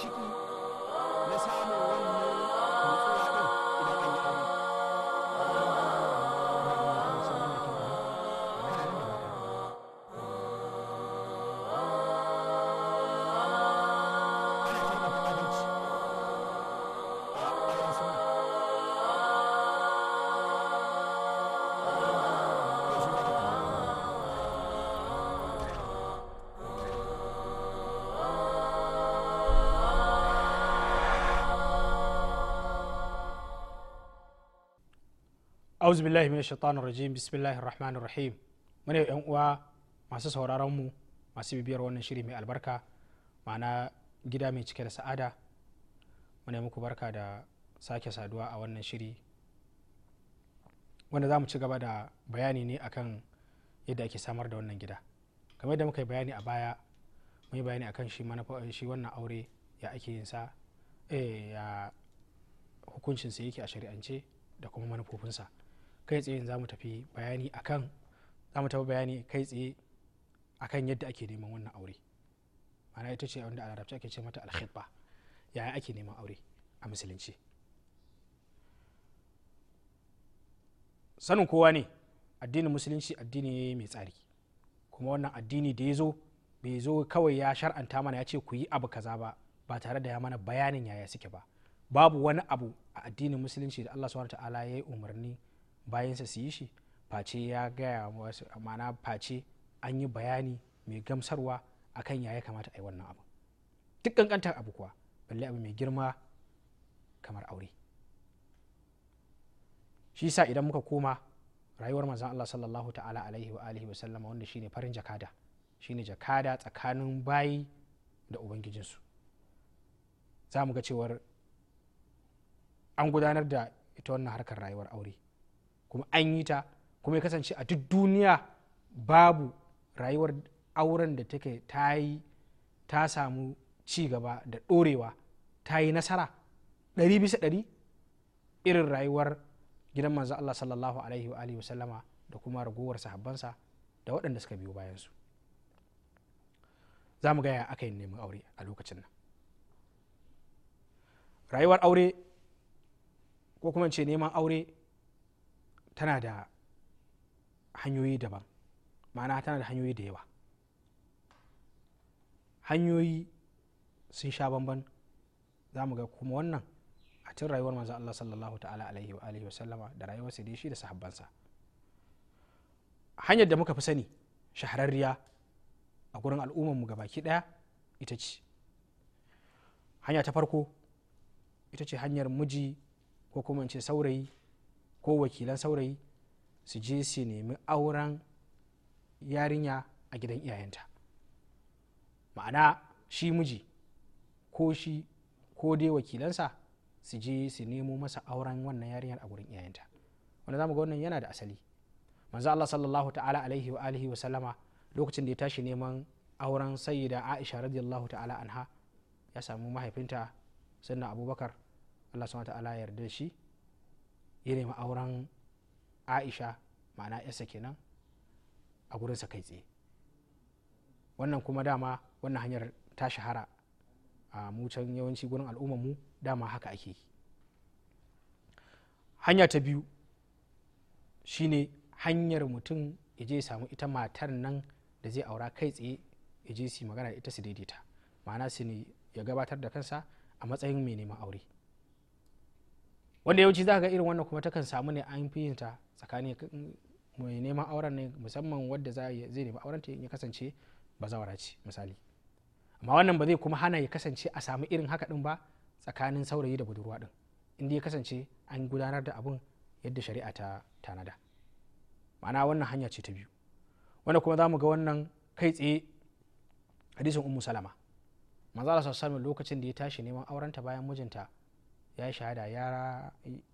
Chico. auzu billahi min shaitanir rajim bismillahir rahmanir rahim mune yan uwa masu sauraron mu masu bibiyar wannan shiri mai albarka ma'ana gida mai cike da sa'ada mune muku barka da sake saduwa a wannan shiri wanda za mu ci gaba da bayani ne akan yadda ake samar da wannan gida kamar yadda muka yi bayani a baya mun yi bayani akan shi shi wannan aure ya ake yin sa eh, ya hukuncin sa yake a shari'ance da kuma manufofinsa kai tsaye za mu tafi bayani akan za mu tafi bayani kai tsaye akan yadda ake neman wannan aure ma'ana ita ce wanda a larabci ake ce mata alkhidba yaya ake neman aure a musulunci sanin kowa ne addinin musulunci addini ne mai tsari kuma wannan addini da ya zo bai zo kawai ya shar'anta mana ya ce ku yi abu kaza ba ba tare da ya mana bayanin yaya suke ba babu wani abu a addinin musulunci da allah subhanahu ta'ala ya yi umarni bayansa su yi shi face ya gaya wasu amana face an yi bayani mai gamsarwa akan ya ya kamata a yi wannan abu duk kankantar abu kuwa balle abu mai girma kamar aure shi sa idan muka koma rayuwar mazan Allah sallallahu ta'ala alaihi wa alihi wa sallama wanda shine farin jakada shine jakada tsakanin bayi da ubangijinsu za mu ga cewar an gudanar da ita wannan harkar rayuwar aure kuma an yi ta kuma ya kasance a duk duniya babu rayuwar auren da take ta yi ta samu ci gaba da ɗorewa ta yi nasara ɗari bisa ɗari irin rayuwar gidan manzo Allah sallallahu alaihi wa alihi wasallama da kuma ragowar sahabbansa da waɗanda suka biyo bayansu za mu gaya aka yi neman aure a lokacin nan rayuwar aure ko kuma ce neman aure tana da hanyoyi daban ma'ana tana da hanyoyi da yawa hanyoyi sun sha bamban za mu ga kuma wannan a cin rayuwar manzo Allah sallallahu ta'ala alaihi wa alihi wasallama da rayuwar sa shi da sahabbansa hanyar da muka fi sani shahararriya a gurin al'ummar mu gabaki daya ita ce hanya ta farko ita ce hanyar miji ko kuma in ce saurayi ko wakilan saurayi su je su nemi auren yarinya a gidan iyayenta ma'ana shi miji ko shi ko dai wakilansa su je su nemo masa auren wannan yarinyar a gurin iyayenta wanda zamu ga wannan yana da asali manzo Allah sallallahu ta'ala alaihi wa alihi wa sallama lokacin da ya tashi neman auren sayyida Aisha radiyallahu ta'ala anha ya samu mahaifinta sannan Abubakar Allah subhanahu ta'ala ya yarda da shi ya auren aisha ma'ana yasa kenan a gurinsa kai tsaye wannan kuma dama wannan hanyar ta shahara a mucan yawanci gurin al'ummar mu dama haka ake yi hanya ta biyu shine hanyar mutum ya je samu ita matar nan da zai aura kai tsaye ya je su magana da ita su daidaita ma'ana su ne ya gabatar da kansa a matsayin mai neman aure wanda yawanci za ga irin wannan kuma takan samu ne an fi ta tsakanin mai neman auren ne musamman wadda zai nemi auren ta ya kasance ba bazawara ce misali amma wannan ba zai kuma hana ya kasance a samu irin haka din ba tsakanin saurayi da budurwa din inda ya kasance an gudanar da abun yadda shari'a ta tanada ma'ana wannan hanya ce ta biyu wanda kuma za mu ga wannan kai tsaye hadisin ummu salama manzo Allah lokacin da ya tashi neman auren ta bayan mijinta ya yi shahada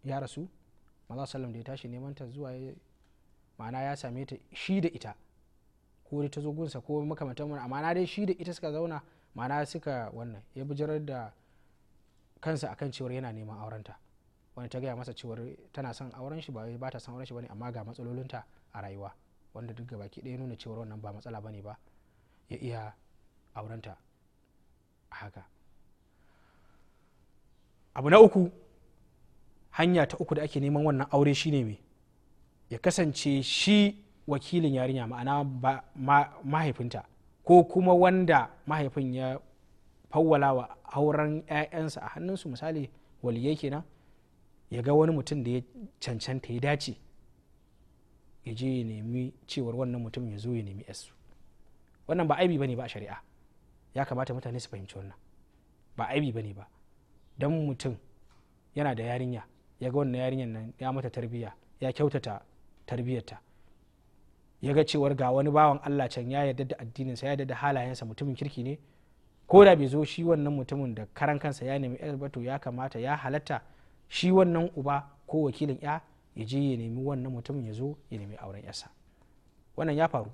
ya rasu maza sallam da ya tashi neman ta zuwa ma'ana ya same ta shi da ita ko ta zo gunsa ko makamantan wani amma na dai shi da ita suka zauna ma'ana suka wannan ya bijirar da kansa akan cewar yana neman aurenta wani ta gaya masa cewar tana son auren shi ba ta son auren shi bane amma ga matsalolinta a rayuwa wanda duk gaba baki ɗaya nuna cewar wannan ba matsala bane ba ya iya aurenta a haka abu na uku hanya ta uku da ake neman wannan aure shine ne ya kasance shi wakilin yarinya ma'ana mahaifinta ko kuma wanda mahaifin ya fawwala wa auren 'ya'yansa a hannunsu misali waliyai kenan ya ga wani mutum da ya cancanta ya dace ya je ya nemi cewar wannan mutum ya zo ya nemi yasu wannan ba aibi ba ne ba a shari'a ya kamata mutane su fahimci wannan ba aibi ba ne ba dan mutum yana da yarinya ya ga wannan yarinyar nan ya mata tarbiyya ya kyautata tarbiyyarta ya ga cewar ga wani bawan Allah can ya yarda da addininsa ya yarda da halayensa mutumin kirki ne ko da bai zo shi wannan mutumin da karan kansa ya nemi yar bato ya kamata ya halatta shi wannan uba ko wakilin ya ya je ya nemi wannan mutumin ya zo ya nemi auren yarsa wannan ya faru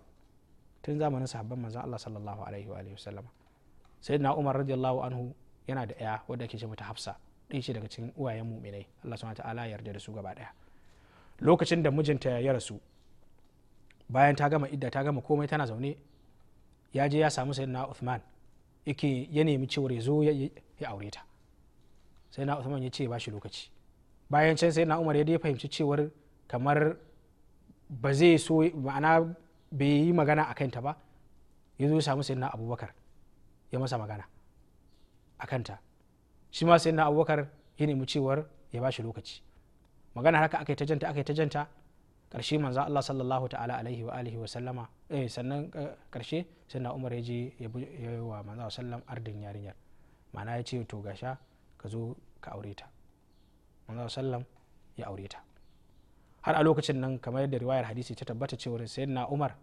tun zamanin sahabban manzon Allah sallallahu alaihi wa sallama sayyidina Umar radiyallahu anhu yana da ɗaya wadda ake ce mata hafsa ɗaya ce daga cikin uwayen muminai allah subhanahu ta'ala yarda da su gaba ɗaya lokacin da mijinta ya rasu bayan ta gama idda ta gama komai tana zaune ya je ya samu na uthman yake ya nemi cewar ya zo ya aure ta sayyidina uthman ya ce ba shi lokaci bayan can sayyidina umar ya dai fahimci cewar kamar ba zai so ma'ana bai yi magana a kanta ba ya zo ya samu sayyidina abubakar ya masa magana a kanta shi ma sai na abubakar ya nemi cewar ya ba shi lokaci magana haka aka yi ta janta aka yi ta janta karshe manzo Allah sallallahu ta'ala alaihi wa alihi wa sallama eh sannan karshe eh, sai na Umar je ya yi wa manzo sallam ardin yarinyar ma'ana ya ce to gasha ka zo ka aure ta manzo sallam ya aure ta har a lokacin nan kamar yadda riwayar hadisi ta tabbata cewa na Umar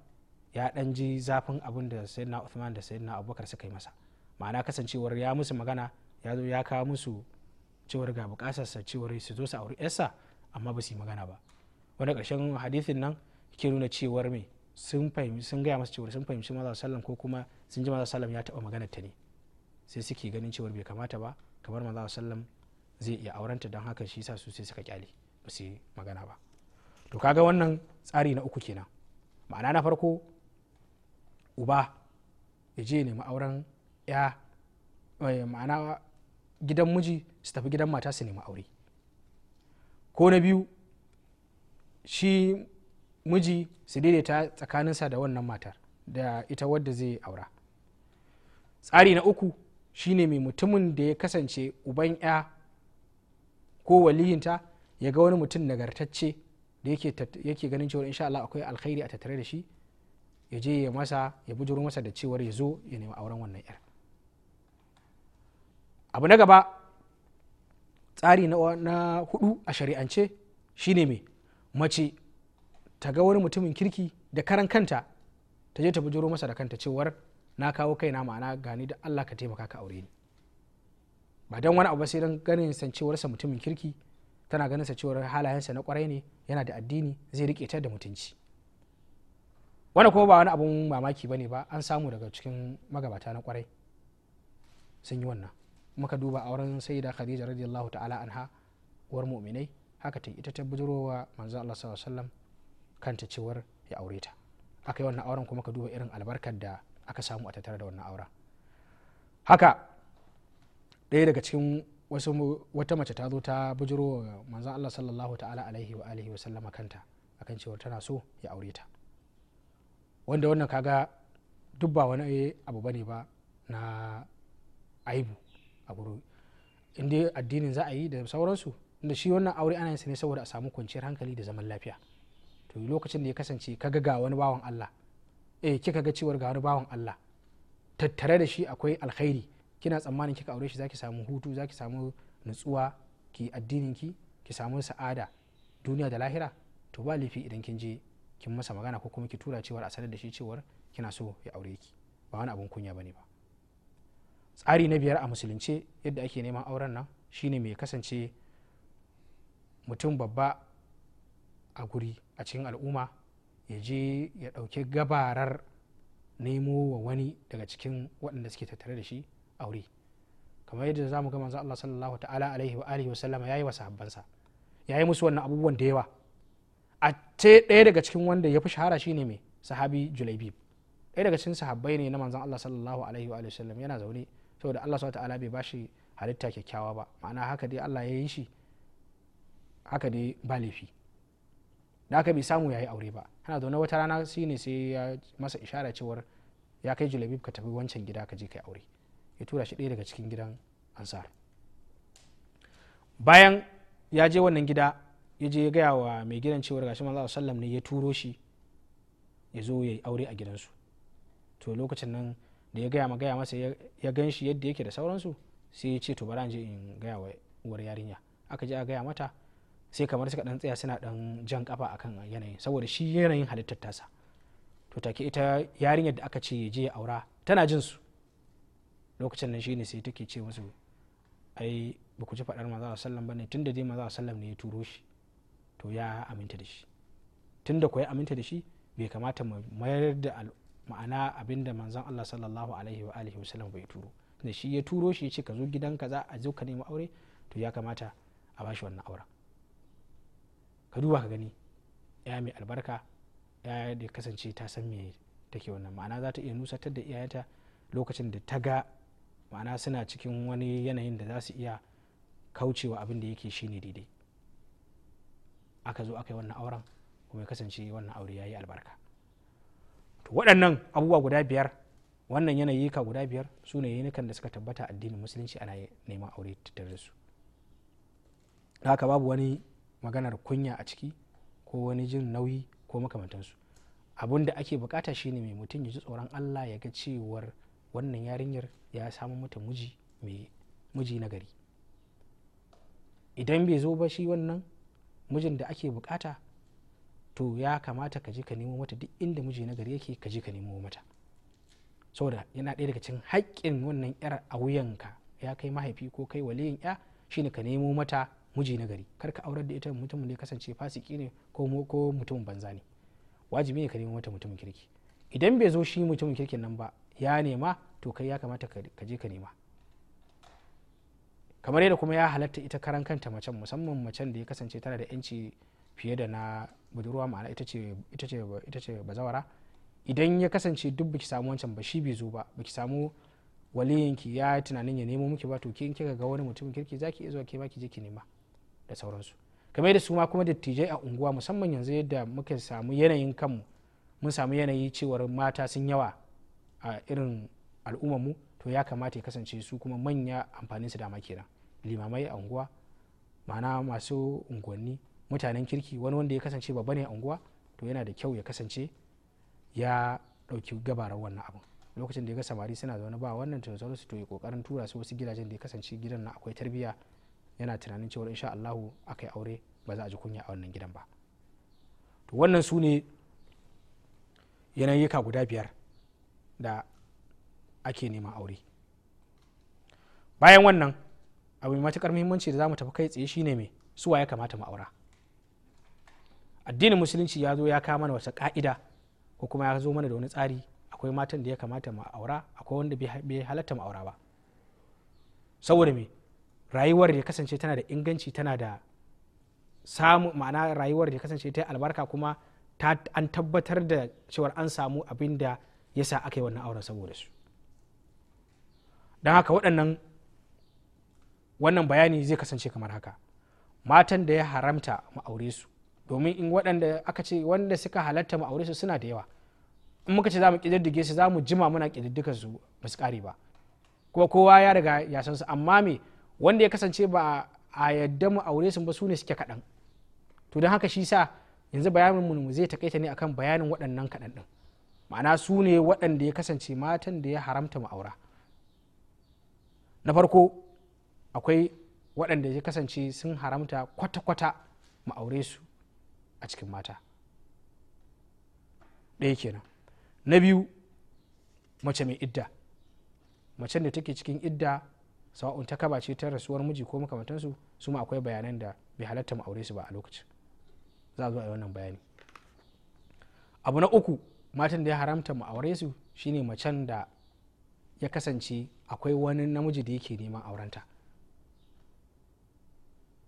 ya dan ji zafin abin da na Uthman da na Abubakar suka yi masa ma'ana kasancewar ya musu magana ya zo ya kawo musu cewar ga bukatarsa cewar su zo su auri yarsa amma ba su yi magana ba wani ƙarshen hadithin nan ke nuna cewar me sun fahimci sun gaya masa cewar sun fahimci maza sallam ko kuma sun ji maza sallam ya taɓa maganar ta ne sai suke ganin cewar bai kamata ba kamar maza sallam zai iya ta don haka shi sa su sai suka kyale ba su yi magana ba to kaga wannan tsari na uku kenan ma'ana na farko uba ya je nemi auren ya eh, ma'ana gidan miji su tafi gidan mata su nemi aure ko na biyu shi miji su daidaita tsakaninsa da wannan matar da ita wadda zai aura tsari na uku shine mai mutumin da ya kasance uban ya ko waliyinta ya ga wani mutum nagartacce da yake ganin cewar insha Allah akwai alkhairi a tattare da shi ya je ya masa ya bujuro masa da cewar ya zo ya nemi auren wannan yar abu na gaba tsari na hudu a shari'ance shine mai mace ta ga wani mutumin kirki da karan kanta ta je ta bujuro masa da kanta cewar na kawo kaina ma'ana gani da allah ka taimaka ka aure ni ba don wani abu sai don ganin sancewarsa mutumin kirki tana ganin sa cewar halayensa na kwarai ne yana da addini zai rike ta da mutunci wani kuma ba wani abun mamaki ne ba an samu daga cikin magabata na kwarai sun yi wannan muka duba a wurin da khadija radiyallahu ta'ala anha war mu'minai haka ta ita ta bujurowa manzo Allah sallallahu alaihi wasallam kanta cewar ya aure ta aka yi wannan auren kuma ka duba irin albarkar da aka samu a tattare da wannan auren haka ɗaya daga cikin wasu wata mace ta zo ta bujurowa manzo Allah sallallahu ta'ala alaihi wa alihi wasallama kanta akan cewa tana so ya aure ta wanda wannan kaga duk ba wani abu bane ba na aibu a gurin inda addinin za a yi da sauransu da shi wannan aure ana yin sa ne saboda a samu kwanciyar hankali da zaman lafiya to lokacin da ya kasance ka ga wani bawan Allah eh kika ga cewar ga wani bawan Allah tattare da shi akwai alkhairi kina tsammanin kika aure shi zaki samu hutu zaki samu nutsuwa ki addinin ki ki samu sa'ada duniya da lahira to ba laifi idan kin je kin masa magana ko kuma ki tura cewar a sanar da shi cewar kina so ya aure ki ba wani abun kunya bane ba tsari na biyar a musulunce yadda ake neman auren nan shine mai kasance mutum babba a guri a cikin al'umma ya je ya ɗauki gabarar nemo wa wani daga cikin waɗanda suke tattare da shi aure kamar yadda za mu ga manzo Allah sallallahu ta'ala alaihi wa alihi wasallama yayi wa sahabbansa yayi musu wannan abubuwan da yawa a ce ɗaya daga cikin wanda ya fi shahara shine mai sahabi julaibib ɗaya daga cikin sahabbai ne na manzon Allah sallallahu alaihi wa alihi wasallam yana zaune saboda Allah subhanahu ta'ala bai bashi halitta kyakkyawa ba ma'ana haka dai Allah ya yi shi haka dai ba laifi da haka bai samu ya yi aure ba ana zaune wata rana shi ne sai ya masa ishara cewar ya kai julabib ka tafi wancan gida ka je kai aure ya tura shi ɗaya daga cikin gidan ansar bayan ya je wannan gida ya je ya gaya wa mai gidan cewar gashi manzo sallam ne ya turo shi ya zo ya yi aure a gidansu to lokacin nan da ya gaya ma gaya masa ya gan shi yadda yake da sauransu sai ya ce to bari je in gaya wa uwar yarinya aka je a gaya mata sai kamar suka dan tsaya suna dan jan kafa akan yanayin saboda shi yanayin halittar tasa to take ita yarinyar da aka ce ya je ya aura tana jin su lokacin nan shine sai take ce musu ai ba ku ji faɗar maza sallam ba ne tun da dai maza sallam ne ya turo shi to ya aminta da shi tun da ku ya aminta da shi bai kamata mu mayar da ma'ana abinda manzon Allah sallallahu alaihi wa alihi wasallam bai turo da shi ya turo shi ya ce ka zo gidan ka za a zo ka nemi aure to ya kamata a bashi wannan auren ka duba ka gani ya mai albarka ya da kasance ta san me take wannan ma'ana za ta iya nusatar da iyayenta lokacin da ta ga ma'ana suna cikin wani yanayin da za su iya kaucewa abin da yake shine daidai aka zo aka yi wannan auren kuma ya kasance wannan aure ya yi albarka waɗannan abubuwa guda biyar wannan yanayi ka guda biyar su ne yanukan da suka tabbata addinin musulunci ana neman aure tattare da su haka babu wani maganar kunya a ciki ko wani jin nauyi ko makamantansu abun da ake bukata shine mai mutum ya ji tsoron allah ya ga cewar wannan yarinyar ya samu mata miji mai miji na gari idan bai zo ba shi wannan mijin da ake bukata to ya kamata ka je ka nemo mata duk inda miji na gari yake ka je ka nemo mata saboda yana ɗaya daga cikin haƙƙin wannan yar a wuyanka ya kai mahaifi ko kai waliyin ya shine ka nemo mata miji na gari kar ka aurar da ita mutumin da ya kasance fasiki ne ko ko mutumin banza ne wajibi ne ka nemo mata mutumin kirki idan bai zo shi mutumin kirkin nan ba ya nema to kai ya kamata ka je ka nema kamar yadda kuma ya halatta ita karan kanta macen musamman macen da ya kasance tana da yanci fiye da na budurwa ma'ana ita ce bazawara idan ya kasance duk biki samu wancan ba shi bai zo ba biki samu waliyinki ya tunanin ya nemo muke ba to ki kin kika ga wani mutumin kirki zaki iya zuwa ke ma ki je ki nema da sauransu kamar da su ma kuma dattijai a unguwa musamman yanzu yadda muka samu yanayin kanmu mun samu yanayi cewar mata sun yawa a irin al'ummar mu to ya kamata ya kasance su kuma manya amfanin su dama kenan limamai a unguwa ma'ana masu unguwanni mutanen kirki wani wanda ya kasance babba ne a unguwa to yana da kyau ya kasance ya dauki gabarar wannan abin lokacin da ya ga samari suna zaune ba wannan tunanin su to ya kokarin tura su wasu gidajen da ya kasance gidan na akwai tarbiyya yana tunanin cewa insha Allahu aka aure ba za a ji kunya a wannan gidan ba to wannan su ne yanayyuka guda biyar da ake nema aure bayan wannan abu mai matukar muhimmanci da za mu tafi kai tsaye shine mai suwa ya kamata mu aura addinin musulunci ya zo ya kawo mana wata ka'ida ko kuma ya zo mana da wani tsari akwai matan da ya kamata mu aura akwai wanda bai halatta mu aura ba saboda me rayuwar ya kasance tana da inganci tana da samu ma'ana rayuwar da kasance ta albarka kuma ta an tabbatar da cewar an samu abin da ya sa aka yi wannan auren saboda su don haka waɗannan wannan bayani zai kasance kamar haka matan da ya haramta mu aure su domin in waɗanda aka ce wanda suka halatta mu aure su suna da yawa in muka ce za mu ƙididdige su za mu jima muna ƙididdigar su ba su ƙare ba kuma kowa ya riga ya san su amma me wanda ya kasance ba a yadda mu aure su ba su ne suke kaɗan to don haka shi sa yanzu bayanin mu zai takaita ne akan bayanin waɗannan kaɗan ɗin ma'ana su ne waɗanda ya kasance matan da ya haramta mu aura na farko akwai waɗanda ya kasance sun haramta kwata-kwata mu su a cikin mata ɗaya kenan na biyu mace mai idda macen da take cikin idda sawa'un ta kaba ce ta rasuwar miji ko makamantansu su ma akwai bayanan da bai halatta mu aure su ba a lokacin za a zo a yi wannan bayani abu na uku matan da ya haramta mu aure su shine macen da ya kasance akwai wani namiji da yake neman aurenta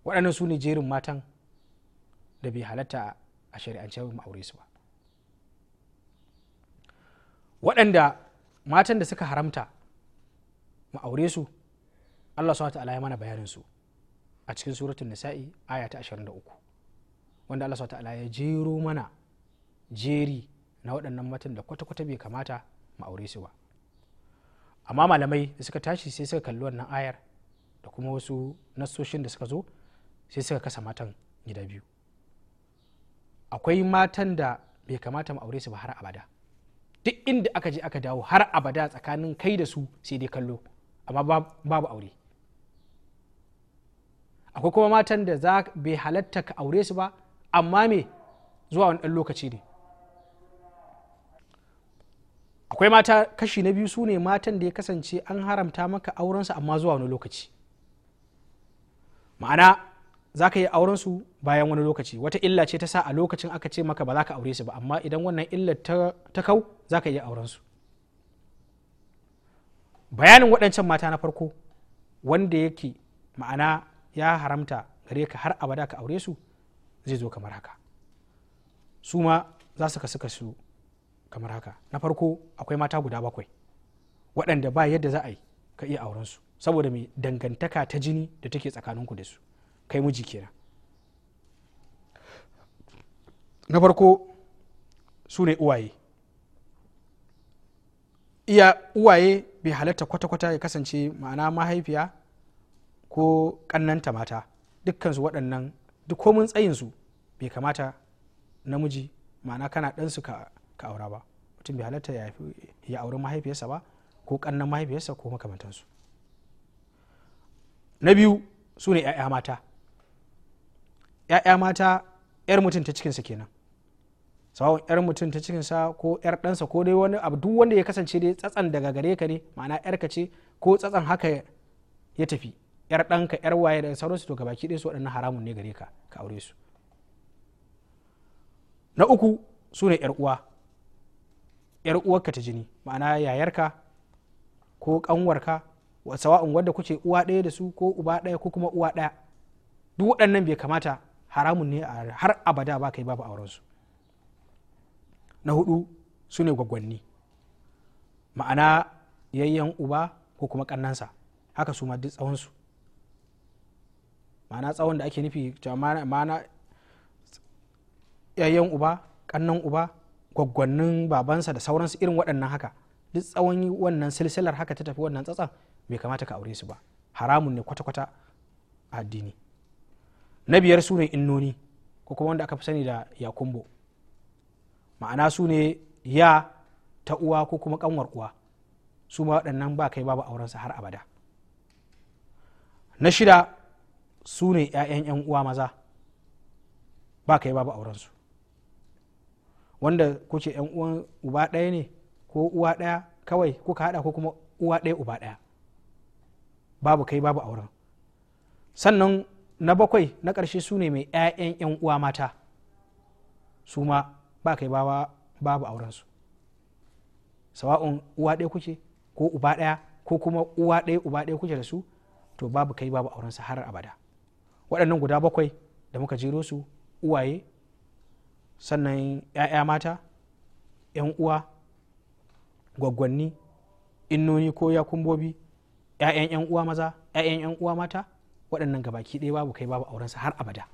waɗannan su ne jerin matan da bai halatta a shari'ance mu aure su ba waɗanda matan da suka haramta mu aure su Allah subhanahu ta'ala ya mana bayanin su a cikin suratul nisa'i aya ta 23 wanda Allah subhanahu ya jero mana jeri na waɗannan matan da kwata-kwata bai kamata mu aure su ba amma malamai da suka tashi sai suka kalli wannan ayar da kuma wasu nassoshin da suka zo sai suka kasa matan gida biyu akwai matan da bai kamata mu aure su ba har abada duk inda aka je aka dawo har abada tsakanin kai da su sai dai kallo amma babu aure akwai kuma matan da za bai halatta ka aure su ba amma me zuwa wani ɗan lokaci ne akwai mata kashi na biyu su ne matan da ya kasance an haramta maka aurensu amma zuwa wani lokaci ma'ana za ka yi aurensu bayan wani lokaci wata illa ce ta sa a lokacin aka ce maka ba za ka aure su ba amma idan wannan illa ta kau za ka iya auren su bayanin waɗancan mata na farko wanda yake ma'ana ya haramta gare ka har abada ka aure su zai zo kamar haka su ma za su kasu kasu kamar haka na farko akwai mata guda bakwai waɗanda ba yadda za a yi ka iya auren su saboda mai dangantaka ta jini da take tsakaninku da su kai miji kenan na farko su ne uwaye iya uwaye bai halatta kwata-kwata ya kasance ma'ana mahaifiya ko kannanta mata dukkansu waɗannan duk komin tsayinsu bai kamata namiji ma'ana kana ɗansu ka, ka aura ba mutum bai halatta ya, ya auri mahaifiyarsa ba ko kannan mahaifiyarsa ko makamantansu na biyu su ne 'ya'ya mata 'ya'ya mata 'yar mutum ta cikinsa kenan sawon yar mutum ta cikin sa ko yar ɗansa ko dai wani abu duk wanda ya kasance dai tsatsan daga gare ka ne ma'ana yarka ce ko tsatsan haka ya tafi yar ɗanka yar waye da sauransu to gabaki ɗaya su waɗannan haramun ne gare ka ka aure su na uku su ne yar uwa yar uwarka ta jini ma'ana yayarka ko ƙanwarka sawa'un wadda kuke uwa ɗaya da su ko uba ɗaya ko kuma uwa ɗaya duk waɗannan bai kamata haramun ne har abada ba kai babu aurensu na hudu su ne gwagwanni ma'ana yayyan uba ko kuma kannansa haka su duk tsawonsu ma'ana tsawon da ake nufi ma'ana yayyan uba kannan uba gwagwannin babansa da sauransu irin waɗannan haka duk tsawon wannan silsilar haka ta tafi wannan tsatsan bai kamata ka aure su ba haramun ne kwata-kwata a addini na biyar su ne innoni ko kuma wanda aka fi sani da yakumbo ma'ana su ne ya ta uwa ko kuma kanwar uwa su ma waɗannan ba kai babu aurensa har abada na shida su ne 'ya'yan 'yan uwa maza ba kai babu aurensu wanda kuke 'yan uwan uba ɗaya ne ko uwa ɗaya kawai kuka haɗa ko kuma uwa ɗaya uba ɗaya babu kai babu auren sannan na bakwai na ƙarshe su ne mai 'ya'yan 'yan uwa mata su ma ba kai bawa babu aurensu sawa'un uwa ɗaya kuke ko uba ɗaya ko kuma uwa ɗaya uba ɗaya kuke da su to babu kai babu aurensu har abada waɗannan guda bakwai da muka jero su uwaye sannan 'ya'ya mata 'yan uwa gwaggwanni innoni ko ya kumbobi 'ya'yan 'yan uwa maza 'ya'yan 'yan uwa mata waɗannan gabaki ɗaya babu kai babu aurensa har abada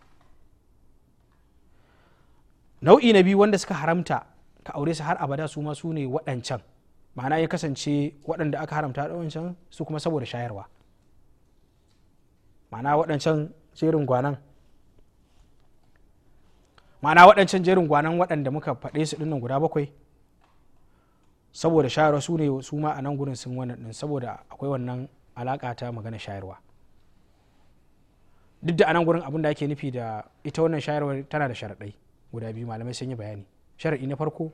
nau'i na biyu wanda suka haramta ka aure su har abada su ma su ne waɗancan ma'ana ya kasance waɗanda aka haramta wancan su kuma saboda shayarwa ma'ana waɗancan jerin gwanan ma'ana waɗancan jerin gwanan waɗanda muka faɗe su ɗinnan guda bakwai saboda shayarwa su ne su ma a nan gurin sun wannan ɗin saboda akwai wannan alaƙa ta magana shayarwa duk da a nan gurin abin da ake nufi da ita wannan shayarwa tana da sharaɗai guda biyu malamai sun yi bayani shari'i na farko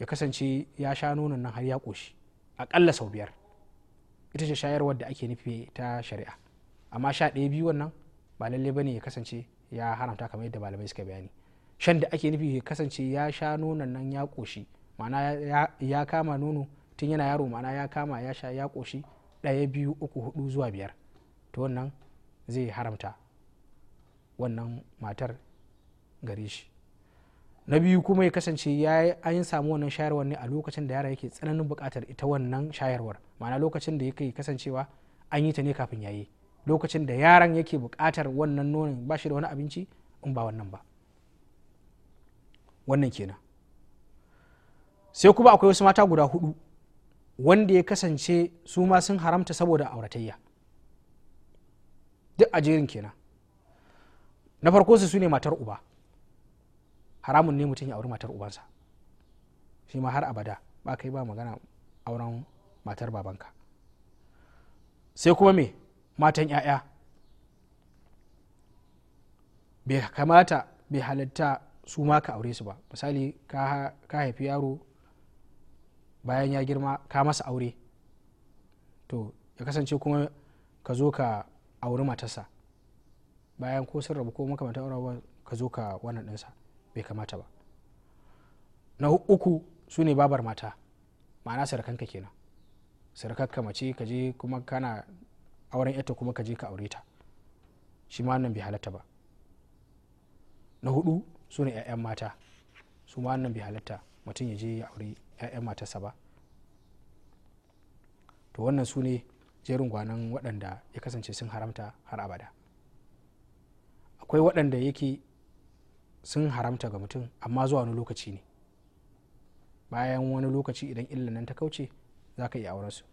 ya kasance ya sha nonon nan har ya ƙoshi aƙalla sau biyar ita ce shayarwar da ake nufi ta shari'a amma sha ɗaya biyu wannan ba lalle bane ya kasance ya haramta kamar yadda malamai suka bayani shan da ake nufi ya kasance ya sha nonon nan ya ƙoshi ma'ana ya kama nono tun yana yaro ma'ana ya kama ya sha ya ƙoshi ɗaya biyu uku hudu zuwa biyar to wannan zai haramta wannan matar gare shi na biyu kuma ya kasance ya an samu wannan shayarwar ne a lokacin da yara yake tsananin buƙatar ita wannan shayarwar ma'ana lokacin da yake kasancewa an yi ta ne kafin yayi lokacin da yaran yake buƙatar wannan nonon ba shi da wani abinci in ba wannan ba wannan kenan sai kuma akwai wasu mata guda hudu wanda ya kasance su ma sun haramta saboda auratayya duk a jerin kenan na farko su ne matar uba haramun ne mutum ya auri matar ubansa shi ma har abada ba kai ba magana auren matar babanka sai kuma me matan 'ya'ya bai kamata bai halitta su ma ka aure su ba misali ka haifi yaro bayan ya girma ka masa aure to ya kasance kuma ka zo ka auri matarsa bayan ko sun rabu ko makamantar aure ka zo ka wannan ɗinsa bai kamata ba na uku su ne babar mata ma'ana sarakanka kenan sarakanka mace ka je kuma kana auren yata kuma ka je ka aure ta shi ma wannan bai halatta ba na hudu su ne 'ya'yan mata su ma wannan bai halatta mutum ya je ya aure 'ya'yan matarsa ba to wannan su ne jerin gwanan waɗanda ya kasance sun haramta har abada akwai waɗanda yake sun haramta ga mutum amma zuwa wani lokaci ne bayan wani lokaci idan illan nan ta kauce za ka iya auren su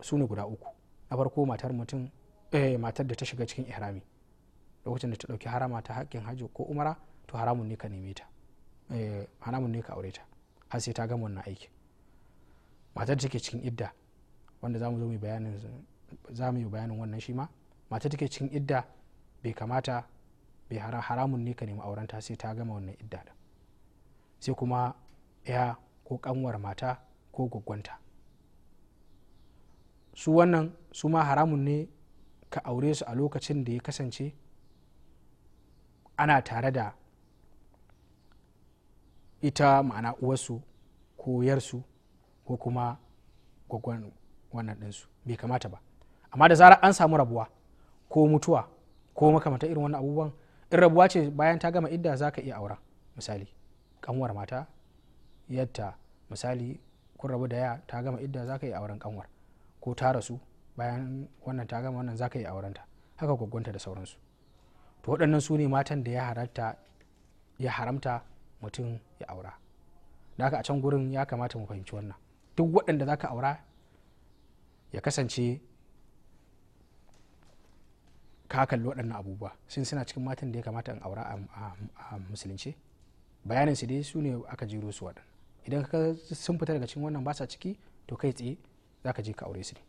su ne guda uku na farko matar mutum eh, matar da ta shiga cikin ihrami lokacin da ta ɗauki harama ta haƙƙin hajji ko umara to haramun ne ka neme ta eh, haramun ne ka aure ta har sai ta gama wannan aiki matar take cikin idda wanda za mu zo mu bayanin wannan shi ma matar take cikin idda bai kamata bai haramun ne ka nemi aurenta sai ta gama wannan idda sai kuma ya ko kanwar mata ko gwaggwanta su wannan su ma haramun ne ka aure su a lokacin da ya kasance ana tare da ita ma'ana uwarsu ko yarsu ko kuma gwagwan wannan ɗinsu bai kamata ba amma da zarar an samu rabuwa ko mutuwa ko makamata irin wannan abubuwan in rabuwa ce bayan ta gama idda za ka iya aura misali kanwar mata yadda misali kun rabu da ya ta gama idda za ka iya auren kanwar ko ta rasu bayan wannan ta gama wannan za ka iya aurenta haka gwaggwanta da sauransu to waɗannan su ne matan da ya haramta ya haramta mutum ya aura da haka a can gurin ya kamata mu fahimci wannan duk waɗanda za ka aura ya kasance ka kalli waɗannan abubuwa sun suna cikin matan da ya kamata in aura a musulunci bayanin su dai su ne aka jero su waɗannan idan ka sun fita daga cikin wannan basa ciki to kai tsaye za ka je ka aure su ne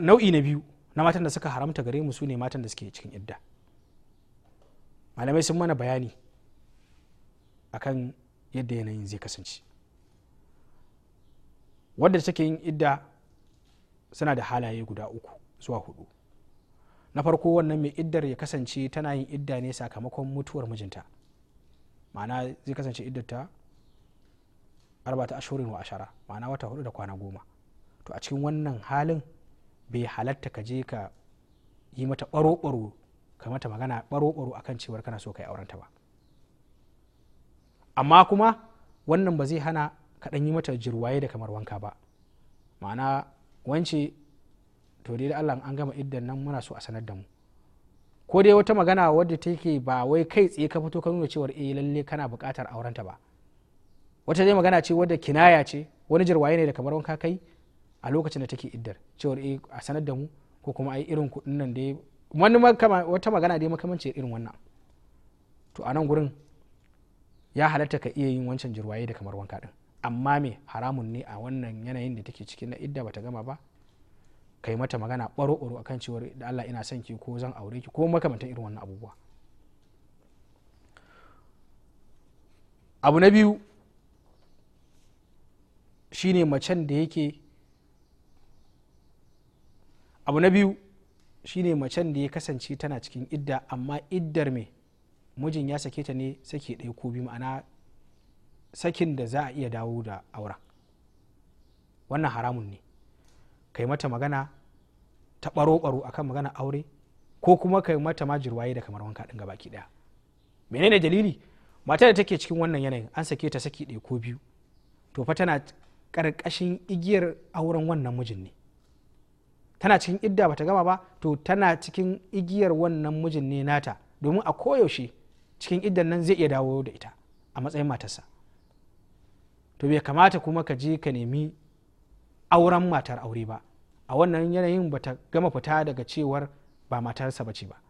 nau'i na biyu na matan da suka haramta gare mu su ne matan da suke cikin idda malamai sun mana bayani akan yadda yanayin zai kasance wadda take yin idda suna da halaye guda uku zuwa hudu na farko wannan mai iddar ya kasance tana yin idda ne sakamakon mutuwar mijinta ma'ana zai kasance arba ta ashirin wa ashara ma'ana wata hudu da kwana goma to a cikin wannan halin bai halatta ka je ka yi mata ɓaro-ɓaro ka mata magana ɓaro a akan cewar kana so ka yi aurenta ba amma kuma wannan ba zai hana ka yi mata jirwaye da kamar wanka ba ma'ana wance to dai Allah an gama iddan nan muna so a sanar da mu ko dai wata magana wadda take ba wai kai tsaye ka fito ka nuna cewar eh lalle kana buƙatar aurenta ba wata dai magana ce wadda kinaya ce wani jirwaye ne da kamar wanka kai a lokacin da take iddar cewar eh a sanar da mu ko kuma ai irin kuɗin nan dai wani wata magana dai makamanci irin wannan to a nan gurin ya halatta ka iya yin wancan jirwaye da kamar wanka din amma me haramun ne a wannan yanayin da take cikin na idda bata gama ba kai mata magana baro baro akan cewar da Allah ina son ki ko zan aure ki ko makamantan irin wannan abubuwa abu na biyu shine macen da yake abu na biyu shine macen da ya kasance tana cikin idda amma iddar me mijin ya sake ta ne sake ɗaya ko biyu ma'ana sakin da za a iya dawo da auren wannan haramun ne kai mata magana ta baro-baro akan magana aure ko kuma kai mata majirwaye da kamar wanka ga baki ɗaya menene dalili mata da take cikin wannan yanayin an sake ta saki ɗaya ko biyu to fa tana ƙarƙashin igiyar auren wannan mijin ne tana cikin idda bata gama ba to tana cikin igiyar wannan mijin ne nata domin a koyaushe cikin iddan nan zai iya dawo da ita a matsayin matarsa to bai kamata kuma ka je ka nemi auren matar aure ba a wannan yanayin ba ta gama fita daga cewar ba matarsa ba ce ba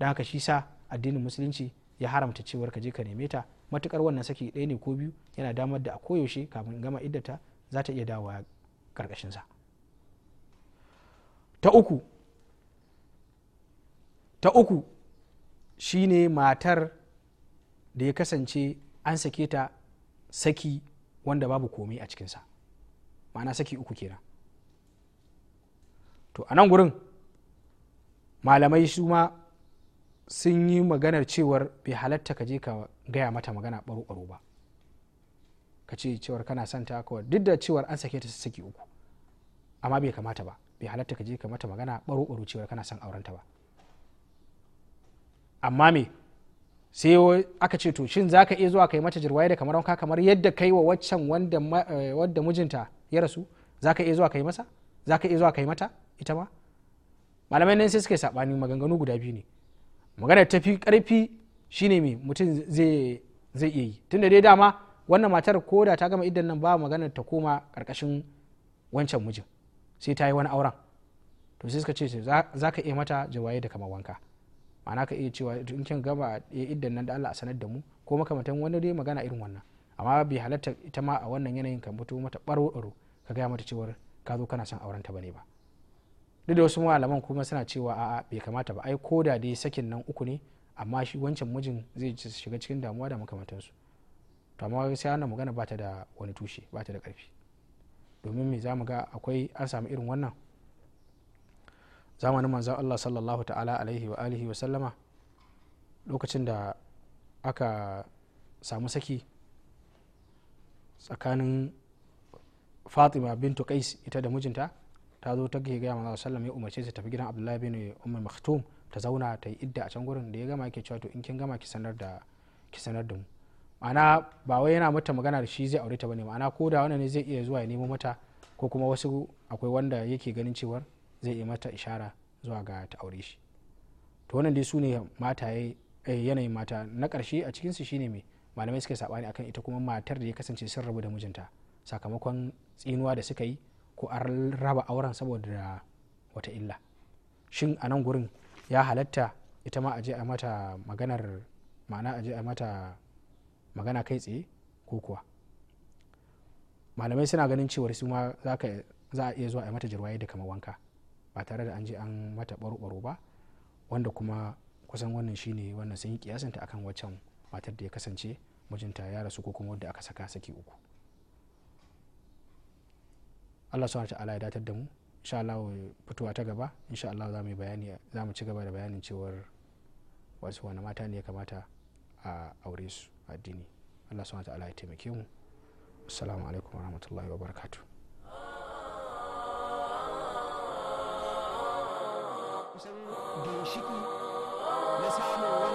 don haka shi sa addinin musulunci ya haramta cewar ka je ka neme ta matukar wannan saki ɗaya ne ko biyu yana damar da a koyaushe kafin gama iddata za ta iya dawowa karkashinsa ta uku ta uku shine matar da ya kasance an sake ta saki wanda babu komai a cikinsa ma'ana saki uku kenan to a nan gurin malamai su ma sun yi maganar cewar bai halatta ka je ka gaya mata magana baro-baro ba ka ce cewar kana son ta kawai duk da cewar an sake ta saki uku amma bai kamata ba bai halatta ka je ka mata magana baro-baro cewar kana son aurenta ba amma me sai aka ce to shin zaka iya zuwa kai mata jirwaye da kamar kamar yadda kai wa waccan eh, wanda mijinta ya rasu zaka iya zuwa kai masa zaka iya zuwa kai mata ita ma malamai nan sai suka yi sabani maganganu guda biyu ne magana ta fi karfi shine mai mutum zai iya yi da dai dama wannan matar ko da ta gama idan nan ba maganar ta koma karkashin wancan mijin sai ta yi wani auren to sai suka ce za ka iya mata jawaye da kamar wanka ma'ana ka iya cewa in kin gaba eh, idan nan da Allah a sanar da mu ko makamantan wani dai magana irin wannan amma bai halatta ita ma a wannan yanayin kan mutu mata baro ɗaro ka gaya mata cewar ka zo kana son auren ta bane ba duk da wasu malaman kuma suna cewa a'a bai kamata ba ai ko da dai sakin nan uku ne amma shi wancan mijin zai shiga cikin damuwa da makamantansu to amma sai ana magana ba ta da wani tushe ba ta da karfi domin me za mu ga akwai an samu irin wannan zamanin manzan allah sallallahu ta'ala alaihi wa alihi wa sallama lokacin da aka samu saki tsakanin fatima bintu qais ita da mijinta ta zo ta gaya manzan sallam ya umarce su tafi gidan abdullahi bin umar maktum ta zauna ta yi idda a can gurin da ya gama yake cewa to in kin gama ki sanar da ki sanar da mu ma'ana ba wai yana mata magana da shi zai aure ta bane ma'ana ko da wannan ne zai iya zuwa ya nemo mata ko kuma wasu akwai wanda yake ganin cewar zai yi mata ishara zuwa ga ta aure shi to wannan dai su ne mataye eh, yanayin mata na ƙarshe a cikinsu shine mai malamai suka saɓani akan ita kuma matar da ya kasance sun rabu da mijinta sakamakon tsinuwa da suka yi ko an raba auren saboda wata illa shin a nan gurin ya halatta ita ma aje a mata maganar ma'ana aje a mata magana kai tsaye ko kuwa malamai suna ganin cewar su ma za a iya zuwa a mata jirwaye da kamar wanka ba tare da an je an mata baro-baro ba wanda kuma kusan wannan shine wannan sun yi kiyasanta akan waccan matar da ya kasance mijinta ya rasu ko kuma wadda aka saka saki uku allah subhanahu ta'ala ya datar da mu insha Allah fitowa ta gaba insha Allah za mu bayani za mu ci gaba da bayanin cewar wasu wani mata ne ya kamata a aure su addini Allah subhanahu ta'ala ya taimake mu assalamu alaikum warahmatullahi wabarakatuh kusan ginshiki na samun